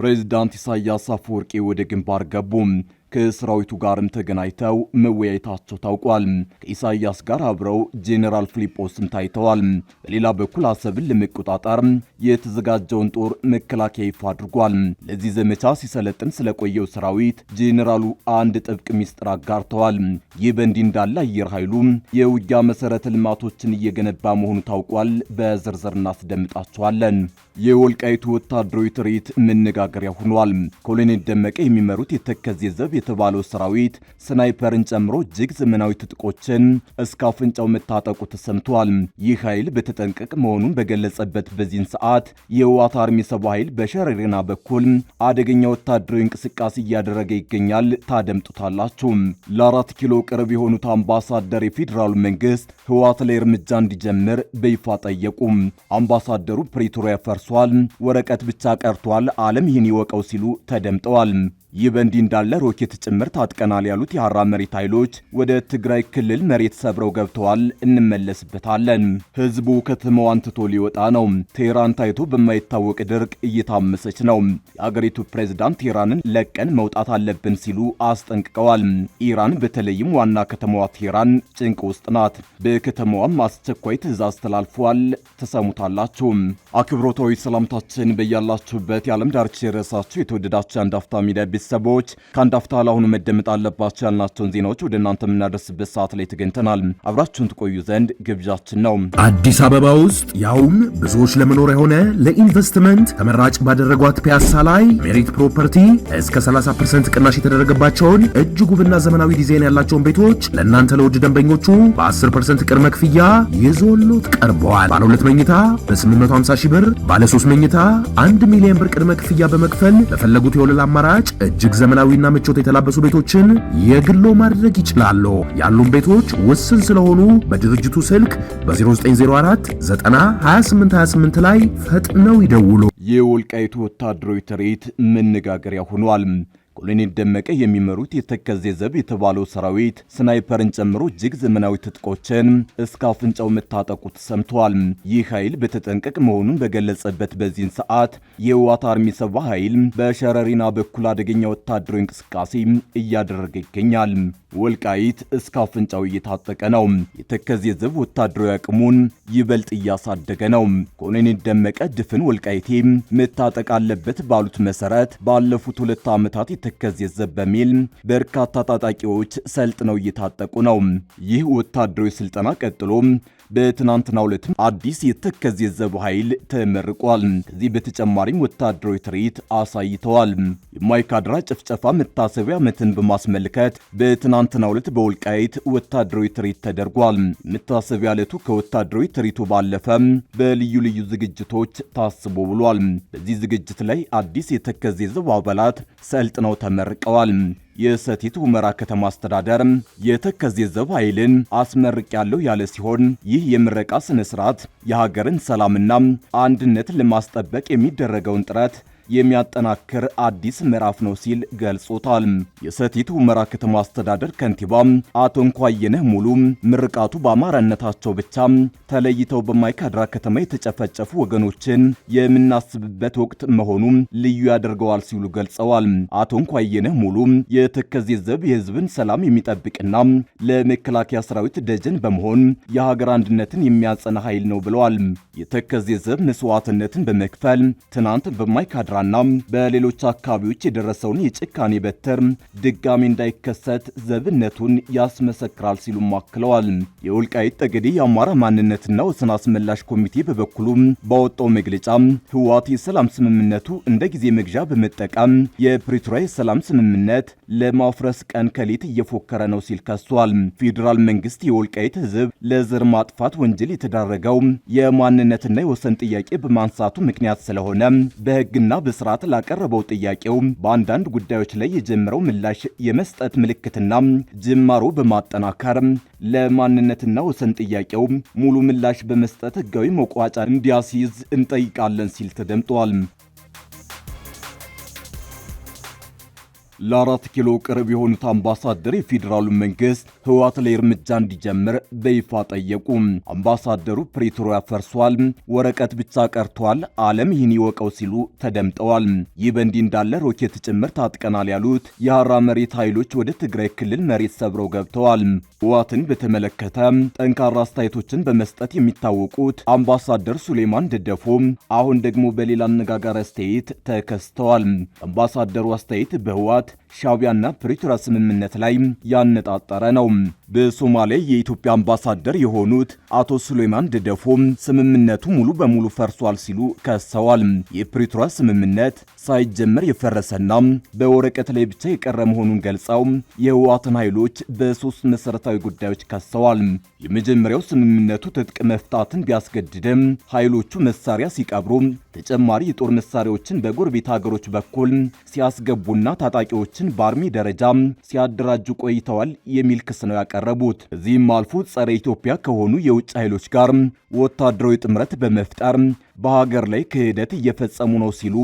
ፕሬዚዳንት ኢሳያስ አፈወርቂ ወደ ግንባር ገቡ። ከሰራዊቱ ጋርም ተገናኝተው መወያየታቸው ታውቋል። ከኢሳያስ ጋር አብረው ጄኔራል ፊሊጶስም ታይተዋል። በሌላ በኩል አሰብን ለመቆጣጠር የተዘጋጀውን ጦር መከላከያ ይፋ አድርጓል። ለዚህ ዘመቻ ሲሰለጥን ስለቆየው ሰራዊት ጄኔራሉ አንድ ጥብቅ ሚስጥር አጋርተዋል። ይህ በእንዲህ እንዳለ አየር ኃይሉ የውጊያ መሰረተ ልማቶችን እየገነባ መሆኑ ታውቋል። በዝርዝር እናስደምጣቸዋለን። የወልቃይቱ ወታደራዊ ትርኢት መነጋገሪያ ሆኗል። ኮሎኔል ደመቀ የሚመሩት የተከዜ ዘብ የተባለው ሰራዊት ስናይፐርን ጨምሮ እጅግ ዘመናዊ ትጥቆችን እስከ አፍንጫው መታጠቁ ተሰምቷል። ይህ ኃይል በተጠንቀቅ መሆኑን በገለጸበት በዚህን ሰዓት የህወሓት አርሚ ሰባ ኃይል በሸረሪና በኩል አደገኛ ወታደራዊ እንቅስቃሴ እያደረገ ይገኛል። ታደምጡታላችሁ። ለአራት ኪሎ ቅርብ የሆኑት አምባሳደር የፌዴራሉ መንግስት ህወሓት ላይ እርምጃ እንዲጀምር በይፋ ጠየቁ። አምባሳደሩ ፕሪቶሪያ ፈርሷል፣ ወረቀት ብቻ ቀርቷል፣ ዓለም ይህን ይወቀው ሲሉ ተደምጠዋል። ይህ በእንዲህ እንዳለ ሮኬት በጥይት ጭምር ታጥቀናል ያሉት የሐራ መሬት ኃይሎች ወደ ትግራይ ክልል መሬት ሰብረው ገብተዋል። እንመለስበታለን። ህዝቡ ከተማዋን ትቶ ሊወጣ ነው። ቴህራን ታይቶ በማይታወቅ ድርቅ እየታመሰች ነው። የአገሪቱ ፕሬዝዳንት ቴህራንን ለቀን መውጣት አለብን ሲሉ አስጠንቅቀዋል። ኢራን በተለይም ዋና ከተማዋ ቴህራን ጭንቅ ውስጥ ናት። በከተማዋም አስቸኳይ ትእዛዝ ተላልፏል። ተሰሙታላችሁ። አክብሮታዊ ሰላምታችን በያላችሁበት የዓለም ዳርቻ የረሳችሁ የተወደዳችሁ የአንድ ሚዲያ ቤተሰቦች ከአንዳፍታ ለአሁኑ መደመጥ አለባቸው ያልናቸውን ዜናዎች ወደ እናንተ የምናደርስበት ሰዓት ላይ ተገኝተናል። አብራችሁን ትቆዩ ዘንድ ግብዣችን ነው። አዲስ አበባ ውስጥ ያውም ብዙዎች ለመኖር የሆነ ለኢንቨስትመንት ተመራጭ ባደረጓት ፒያሳ ላይ ሜሪት ፕሮፐርቲ እስከ 30 ቅናሽ የተደረገባቸውን እጅግ ውብና ዘመናዊ ዲዛይን ያላቸውን ቤቶች ለእናንተ ለውድ ደንበኞቹ በ10 ቅድመ ክፍያ ይዞሎት ቀርበዋል። ባለ ሁለት መኝታ በ850 ሺህ ብር፣ ባለ ሶስት መኝታ 1 ሚሊዮን ብር ቅድመ ክፍያ በመክፈል ለፈለጉት የወለል አማራጭ እጅግ ዘመናዊና ምቾት የተላበሱ ቤቶችን የግሎ ማድረግ ይችላሉ። ያሉን ቤቶች ውስን ስለሆኑ በድርጅቱ ስልክ በ0904 28 ላይ ፈጥነው ይደውሉ። የወልቃይቱ ወታደራዊ ትርኢት መነጋገሪያ ሆኗል። ኮሎኔል ደመቀ የሚመሩት የተከዜ ዘብ የተባለው ሰራዊት ስናይፐርን ጨምሮ እጅግ ዘመናዊ ትጥቆችን እስከ አፍንጫው መታጠቁ ተሰምቷል። ይህ ኃይል በተጠንቀቅ መሆኑን በገለጸበት በዚህን ሰዓት የህወሓት አርሚ ሰባ ኃይል በሸረሪና በኩል አደገኛ ወታደራዊ እንቅስቃሴ እያደረገ ይገኛል። ወልቃይት እስከ አፍንጫው እየታጠቀ ነው። የተከዜ ዘብ ወታደራዊ አቅሙን ይበልጥ እያሳደገ ነው። ኮሎኔል ደመቀ ድፍን ወልቃይቴ መታጠቅ አለበት ባሉት መሰረት ባለፉት ሁለት ዓመታት ተከዜ ዘብ በሚል በርካታ ታጣቂዎች ሰልጥነው እየታጠቁ ነው። ይህ ወታደራዊ ስልጠና ቀጥሎ በትናንትናው ዕለትም አዲስ የተከዜ ዘብ ኃይል ተመርቋል። ከዚህ በተጨማሪም ወታደራዊ ትርኢት አሳይተዋል። የማይካድራ ጭፍጨፋ መታሰቢያ ዓመትን በማስመልከት በትናንትናው ዕለት በወልቃይት ወታደራዊ ትርኢት ተደርጓል። መታሰቢያ ዕለቱ ከወታደራዊ ትርኢቱ ባለፈ በልዩ ልዩ ዝግጅቶች ታስቦ ብሏል። በዚህ ዝግጅት ላይ አዲስ የተከዜ ዘብ አባላት ሰልጥነው ተመርቀዋል። የሰቲት ሁመራ ከተማ አስተዳደር የተከዜ ዘብ ኃይልን ያለው ያለ ሲሆን ይህ የምረቃ ስነ ስርዓት የሀገርን ሰላምና አንድነት ለማስጠበቅ የሚደረገውን ጥረት የሚያጠናክር አዲስ ምዕራፍ ነው ሲል ገልጾታል። የሰቲት ሁመራ ከተማ አስተዳደር ከንቲባ አቶ እንኳየነህ ሙሉ ምርቃቱ በአማራነታቸው ብቻ ተለይተው በማይካድራ ከተማ የተጨፈጨፉ ወገኖችን የምናስብበት ወቅት መሆኑ ልዩ ያደርገዋል ሲሉ ገልጸዋል። አቶ እንኳየነህ ሙሉ የተከዜ ዘብ የህዝብን ሰላም የሚጠብቅና ለመከላከያ ሰራዊት ደጀን በመሆን የሀገር አንድነትን የሚያጸና ኃይል ነው ብለዋል። የተከዜ ዘብ መስዋዕትነትን በመክፈል ትናንት በማይካድራ እንዲሰራና በሌሎች አካባቢዎች የደረሰውን የጭካኔ በትር ድጋሚ እንዳይከሰት ዘብነቱን ያስመሰክራል ሲሉም አክለዋል። የወልቃይት ጠገዴ የአማራ ማንነትና ወሰን አስመላሽ ኮሚቴ በበኩሉ ባወጣው መግለጫ ህወሓት የሰላም ስምምነቱ እንደ ጊዜ መግዣ በመጠቀም የፕሪቶሪያ የሰላም ስምምነት ለማፍረስ ቀን ከሌት እየፎከረ ነው ሲል ከሷል። ፌዴራል መንግስት የወልቃይት ህዝብ ለዘር ማጥፋት ወንጀል የተዳረገው የማንነትና የወሰን ጥያቄ በማንሳቱ ምክንያት ስለሆነ በህግና በስርዓት ላቀረበው ጥያቄው በአንዳንድ ጉዳዮች ላይ የጀመረው ምላሽ የመስጠት ምልክትና ጅማሮ በማጠናከር ለማንነትና ወሰን ጥያቄው ሙሉ ምላሽ በመስጠት ህጋዊ መቋጫ እንዲያስይዝ እንጠይቃለን ሲል ተደምጧል። ለአራት ኪሎ ቅርብ የሆኑት አምባሳደር የፌዴራሉ መንግስት ህወሓት ላይ እርምጃ እንዲጀምር በይፋ ጠየቁ። አምባሳደሩ ፕሪቶሪያ ፈርሷል፣ ወረቀት ብቻ ቀርቷል፣ ዓለም ይህን ይወቀው ሲሉ ተደምጠዋል። ይህ በእንዲህ እንዳለ ሮኬት ጭምር ታጥቀናል ያሉት የሐራ መሬት ኃይሎች ወደ ትግራይ ክልል መሬት ሰብረው ገብተዋል። ህወሓትን በተመለከተ ጠንካራ አስተያየቶችን በመስጠት የሚታወቁት አምባሳደር ሱሌማን ደደፎ አሁን ደግሞ በሌላ አነጋጋሪ አስተያየት ተከስተዋል። አምባሳደሩ አስተያየት በህወሓት ሻቢያና ፕሪቶሪያ ስምምነት ላይ ያነጣጠረ ነው። um, በሶማሌ የኢትዮጵያ አምባሳደር የሆኑት አቶ ሱሌማን ደደፎም ስምምነቱ ሙሉ በሙሉ ፈርሷል ሲሉ ከሰዋል። የፕሪቶሪያ ስምምነት ሳይጀመር የፈረሰና በወረቀት ላይ ብቻ የቀረ መሆኑን ገልጸው የህወሓትን ኃይሎች በሶስት መሰረታዊ ጉዳዮች ከሰዋል። የመጀመሪያው ስምምነቱ ትጥቅ መፍታትን ቢያስገድድም ኃይሎቹ መሳሪያ ሲቀብሩ ተጨማሪ የጦር መሳሪያዎችን በጎረቤት ሀገሮች በኩል ሲያስገቡና ታጣቂዎችን በአርሚ ደረጃ ሲያደራጁ ቆይተዋል የሚል ክስ ነው ያቀ ያቀረቡት። ከዚህም አልፎ ጸረ ኢትዮጵያ ከሆኑ የውጭ ኃይሎች ጋር ወታደራዊ ጥምረት በመፍጠር በሀገር ላይ ክህደት እየፈጸሙ ነው ሲሉ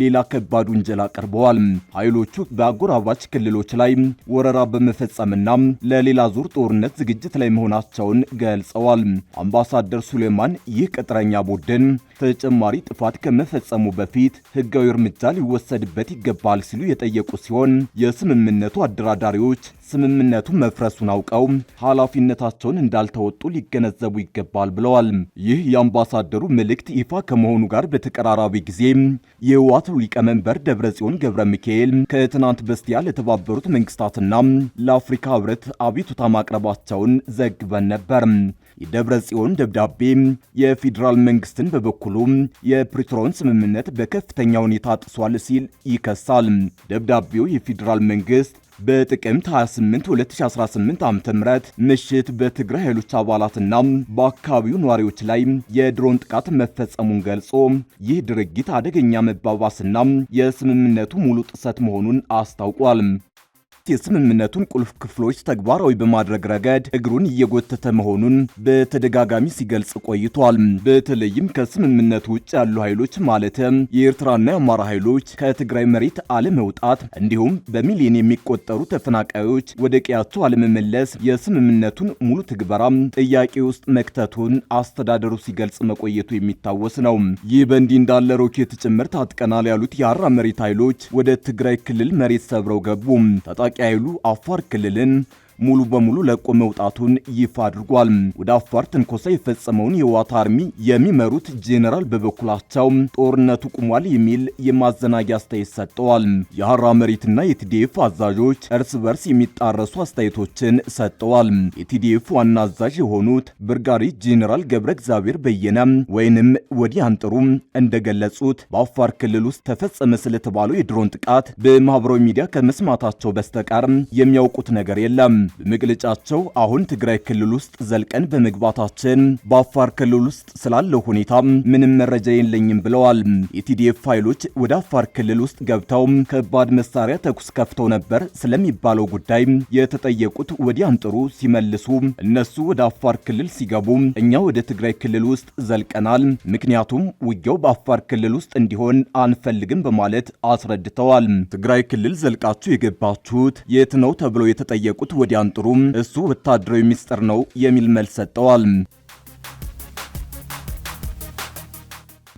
ሌላ ከባድ ውንጀላ አቅርበዋል። ኃይሎቹ በአጎራባች ክልሎች ላይ ወረራ በመፈጸምና ለሌላ ዙር ጦርነት ዝግጅት ላይ መሆናቸውን ገልጸዋል። አምባሳደር ሱሌማን ይህ ቅጥረኛ ቡድን ተጨማሪ ጥፋት ከመፈጸሙ በፊት ሕጋዊ እርምጃ ሊወሰድበት ይገባል ሲሉ የጠየቁ ሲሆን የስምምነቱ አደራዳሪዎች ስምምነቱ መፍረሱን አውቀው ኃላፊነታቸውን እንዳልተወጡ ሊገነዘቡ ይገባል ብለዋል። ይህ የአምባሳደሩ መልእክት ይፋ ከመሆኑ ጋር በተቀራራቢ ጊዜ የዋቱ ሊቀመንበር ደብረጽዮን ገብረ ሚካኤል ከትናንት በስቲያ ለተባበሩት መንግስታትና ለአፍሪካ ህብረት አቤቱታ ማቅረባቸውን ዘግበን ነበር። የደብረ ጽዮን ደብዳቤ የፌዴራል መንግስትን በበኩሉ የፕሪቶሪያን ስምምነት በከፍተኛ ሁኔታ ጥሷል ሲል ይከሳል። ደብዳቤው የፌዴራል መንግስት በጥቅምት 28 2018 ዓ ም ምሽት በትግራይ ኃይሎች አባላትና በአካባቢው ነዋሪዎች ላይ የድሮን ጥቃት መፈጸሙን ገልጾ ይህ ድርጊት አደገኛ መባባስና የስምምነቱ ሙሉ ጥሰት መሆኑን አስታውቋል። የስምምነቱን ቁልፍ ክፍሎች ተግባራዊ በማድረግ ረገድ እግሩን እየጎተተ መሆኑን በተደጋጋሚ ሲገልጽ ቆይቷል። በተለይም ከስምምነቱ ውጭ ያሉ ኃይሎች ማለትም የኤርትራና የአማራ ኃይሎች ከትግራይ መሬት አለመውጣት እንዲሁም በሚሊዮን የሚቆጠሩ ተፈናቃዮች ወደ ቀያቸው አለመመለስ የስምምነቱን ሙሉ ትግበራ ጥያቄ ውስጥ መክተቱን አስተዳደሩ ሲገልጽ መቆየቱ የሚታወስ ነው። ይህ በእንዲህ እንዳለ ሮኬት ጭምር ታጥቀናል ያሉት የአራ መሬት ኃይሎች ወደ ትግራይ ክልል መሬት ሰብረው ገቡ። ታጣቂ ኃይሉ አፋር ክልልን ሙሉ በሙሉ ለቆ መውጣቱን ይፋ አድርጓል። ወደ አፋር ትንኮሳ የፈጸመውን የዋት አርሚ የሚመሩት ጄኔራል በበኩላቸው ጦርነቱ ቁሟል የሚል የማዘናጊያ አስተያየት ሰጥተዋል። የሐራ መሬትና የቲዲኤፍ አዛዦች እርስ በርስ የሚጣረሱ አስተያየቶችን ሰጥተዋል። የቲዲኤፍ ዋና አዛዥ የሆኑት ብርጋሪ ጄኔራል ገብረ እግዚአብሔር በየነ ወይንም ወዲህ አንጥሩ እንደገለጹት በአፋር ክልል ውስጥ ተፈጸመ ስለተባለው የድሮን ጥቃት በማህበራዊ ሚዲያ ከመስማታቸው በስተቀር የሚያውቁት ነገር የለም። በመግለጫቸው አሁን ትግራይ ክልል ውስጥ ዘልቀን በመግባታችን በአፋር ክልል ውስጥ ስላለው ሁኔታ ምንም መረጃ የለኝም ብለዋል። የቲዲኤፍ ኃይሎች ወደ አፋር ክልል ውስጥ ገብተው ከባድ መሳሪያ ተኩስ ከፍተው ነበር ስለሚባለው ጉዳይ የተጠየቁት ወዲያን ጥሩ ሲመልሱ እነሱ ወደ አፋር ክልል ሲገቡ እኛ ወደ ትግራይ ክልል ውስጥ ዘልቀናል፣ ምክንያቱም ውጊያው በአፋር ክልል ውስጥ እንዲሆን አንፈልግም በማለት አስረድተዋል። ትግራይ ክልል ዘልቃችሁ የገባችሁት የት ነው ተብለው የተጠየቁት ወዲ ያን እሱ ወታደራዊ ሚስጥር ነው የሚል መልስ ሰጥተዋል።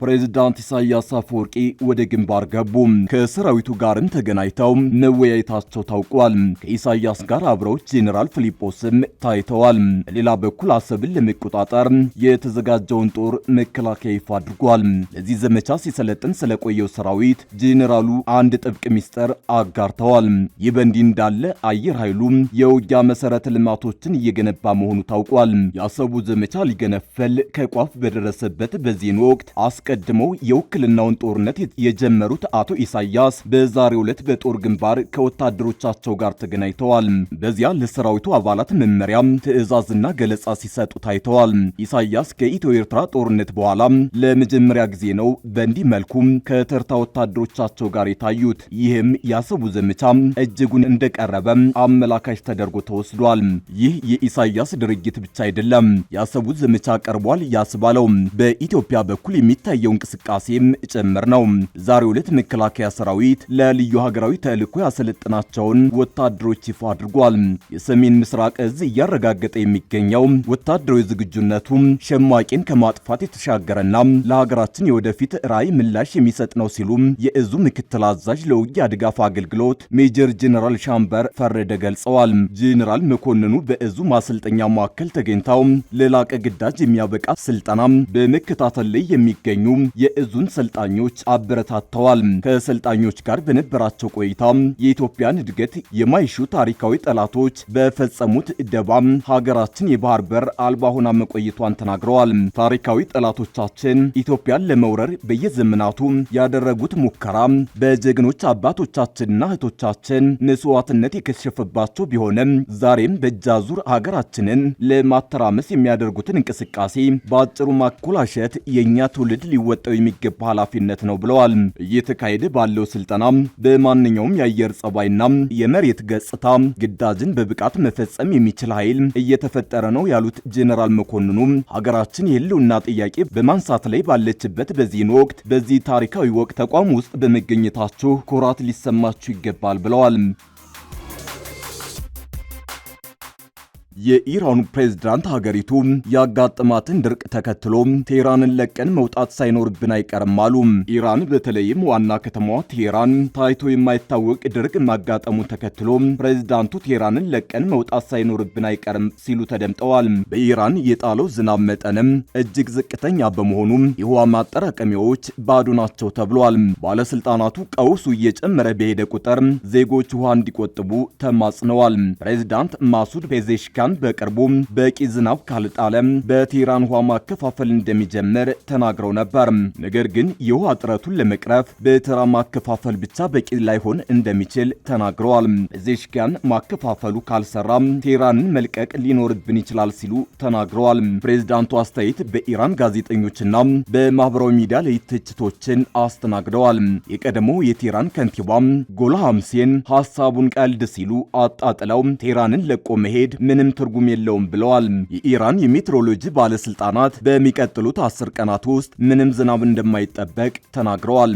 ፕሬዚዳንት ኢሳያስ አፈወርቂ ወደ ግንባር ገቡ። ከሰራዊቱ ጋርም ተገናኝተው መወያየታቸው ታውቋል። ከኢሳያስ ጋር አብረው ጄኔራል ፊሊጶስም ታይተዋል። በሌላ በኩል አሰብን ለመቆጣጠር የተዘጋጀውን ጦር መከላከያ ይፋ አድርጓል። ለዚህ ዘመቻ ሲሰለጥን ስለቆየው ሰራዊት ጄኔራሉ አንድ ጥብቅ ሚስጥር አጋርተዋል። ይህ በእንዲህ እንዳለ አየር ኃይሉ የውጊያ መሰረተ ልማቶችን እየገነባ መሆኑ ታውቋል። የአሰቡ ዘመቻ ሊገነፈል ከቋፍ በደረሰበት በዚህን ወቅት አስቀድሞ የውክልናውን ጦርነት የጀመሩት አቶ ኢሳያስ በዛሬው ዕለት በጦር ግንባር ከወታደሮቻቸው ጋር ተገናኝተዋል። በዚያ ለሰራዊቱ አባላት መመሪያም ትዕዛዝና ገለጻ ሲሰጡ ታይተዋል። ኢሳያስ ከኢትዮ ኤርትራ ጦርነት በኋላ ለመጀመሪያ ጊዜ ነው በእንዲህ መልኩ ከተርታ ወታደሮቻቸው ጋር የታዩት። ይህም የአሰቡ ዘመቻ እጅጉን እንደቀረበ አመላካች ተደርጎ ተወስዷል። ይህ የኢሳያስ ድርጊት ብቻ አይደለም፣ የአሰቡ ዘመቻ ቀርቧል ያስባለው በኢትዮጵያ በኩል የሚታ በተለያየው እንቅስቃሴም ጭምር ነው። ዛሬ ሁለት መከላከያ ሰራዊት ለልዩ ሀገራዊ ተልዕኮ ያሰለጠናቸውን ወታደሮች ይፋ አድርጓል። የሰሜን ምስራቅ እዝ እያረጋገጠ የሚገኘው ወታደራዊ ዝግጁነቱ ሸማቂን ከማጥፋት የተሻገረና ለሀገራችን የወደፊት ራዕይ ምላሽ የሚሰጥ ነው ሲሉ የእዙ ምክትል አዛዥ ለውጊያ ድጋፍ አገልግሎት ሜጀር ጄኔራል ሻምበር ፈረደ ገልጸዋል። ጄኔራል መኮንኑ በእዙ ማሰልጠኛ ማዕከል ተገኝተው ለላቀ ግዳጅ የሚያበቃ ስልጠና በመከታተል ላይ የሚገኙ እንዲገኙ የእዙን ሰልጣኞች አበረታተዋል። ከሰልጣኞች ጋር በነበራቸው ቆይታ የኢትዮጵያን እድገት የማይሹ ታሪካዊ ጠላቶች በፈጸሙት ደባም ሀገራችን የባህር በር አልባ ሆና መቆየቷን ተናግረዋል። ታሪካዊ ጠላቶቻችን ኢትዮጵያን ለመውረር በየዘመናቱ ያደረጉት ሙከራ በጀግኖች አባቶቻችንና እህቶቻችን መስዋዕትነት የከሸፈባቸው ቢሆንም ዛሬም በእጃዙር ሀገራችንን ለማተራመስ የሚያደርጉትን እንቅስቃሴ በአጭሩ ማኮላሸት የእኛ ትውልድ ሊወጣው የሚገባ ኃላፊነት ነው ብለዋል። እየተካሄደ ባለው ስልጠና በማንኛውም የአየር ጸባይና የመሬት ገጽታ ግዳጅን በብቃት መፈጸም የሚችል ኃይል እየተፈጠረ ነው ያሉት ጄኔራል መኮንኑ ሀገራችን የህልውና ጥያቄ በማንሳት ላይ ባለችበት በዚህን ወቅት በዚህ ታሪካዊ ወቅት ተቋም ውስጥ በመገኘታችሁ ኩራት ሊሰማችሁ ይገባል ብለዋል። የኢራኑ ፕሬዝዳንት ሀገሪቱ ያጋጥማትን ድርቅ ተከትሎ ቴህራንን ለቀን መውጣት ሳይኖርብን አይቀርም አሉ። ኢራን በተለይም ዋና ከተማዋ ቴህራን ታይቶ የማይታወቅ ድርቅ ማጋጠሙ ተከትሎ ፕሬዝዳንቱ ቴህራንን ለቀን መውጣት ሳይኖርብን አይቀርም ሲሉ ተደምጠዋል። በኢራን የጣለው ዝናብ መጠንም እጅግ ዝቅተኛ በመሆኑ የውሃ ማጠራቀሚያዎች ባዶ ናቸው ተብሏል። ባለስልጣናቱ ቀውሱ እየጨመረ በሄደ ቁጥር ዜጎች ውሃ እንዲቆጥቡ ተማጽነዋል። ፕሬዝዳንት ማሱድ ፔዜሽካ ሱዳን በቅርቡ በቂ ዝናብ ካልጣለ በቴህራን ውሃ ማከፋፈል እንደሚጀምር ተናግረው ነበር። ነገር ግን የውሃ እጥረቱን ለመቅረፍ በተራ ማከፋፈል ብቻ በቂ ላይሆን እንደሚችል ተናግረዋል። ፔዜሽኪያን ማከፋፈሉ ካልሰራ ቴህራንን መልቀቅ ሊኖርብን ይችላል ሲሉ ተናግረዋል። ፕሬዚዳንቱ አስተያየት በኢራን ጋዜጠኞችና በማህበራዊ ሚዲያ ላይ ትችቶችን አስተናግደዋል። የቀድሞው የቴህራን ከንቲባ ጎላ ሐምሴን ሐሳቡን ቀልድ ሲሉ አጣጥለው ቴህራንን ለቆ መሄድ ምንም ምንም ትርጉም የለውም ብለዋል። የኢራን የሜትሮሎጂ ባለስልጣናት በሚቀጥሉት አስር ቀናት ውስጥ ምንም ዝናብ እንደማይጠበቅ ተናግረዋል።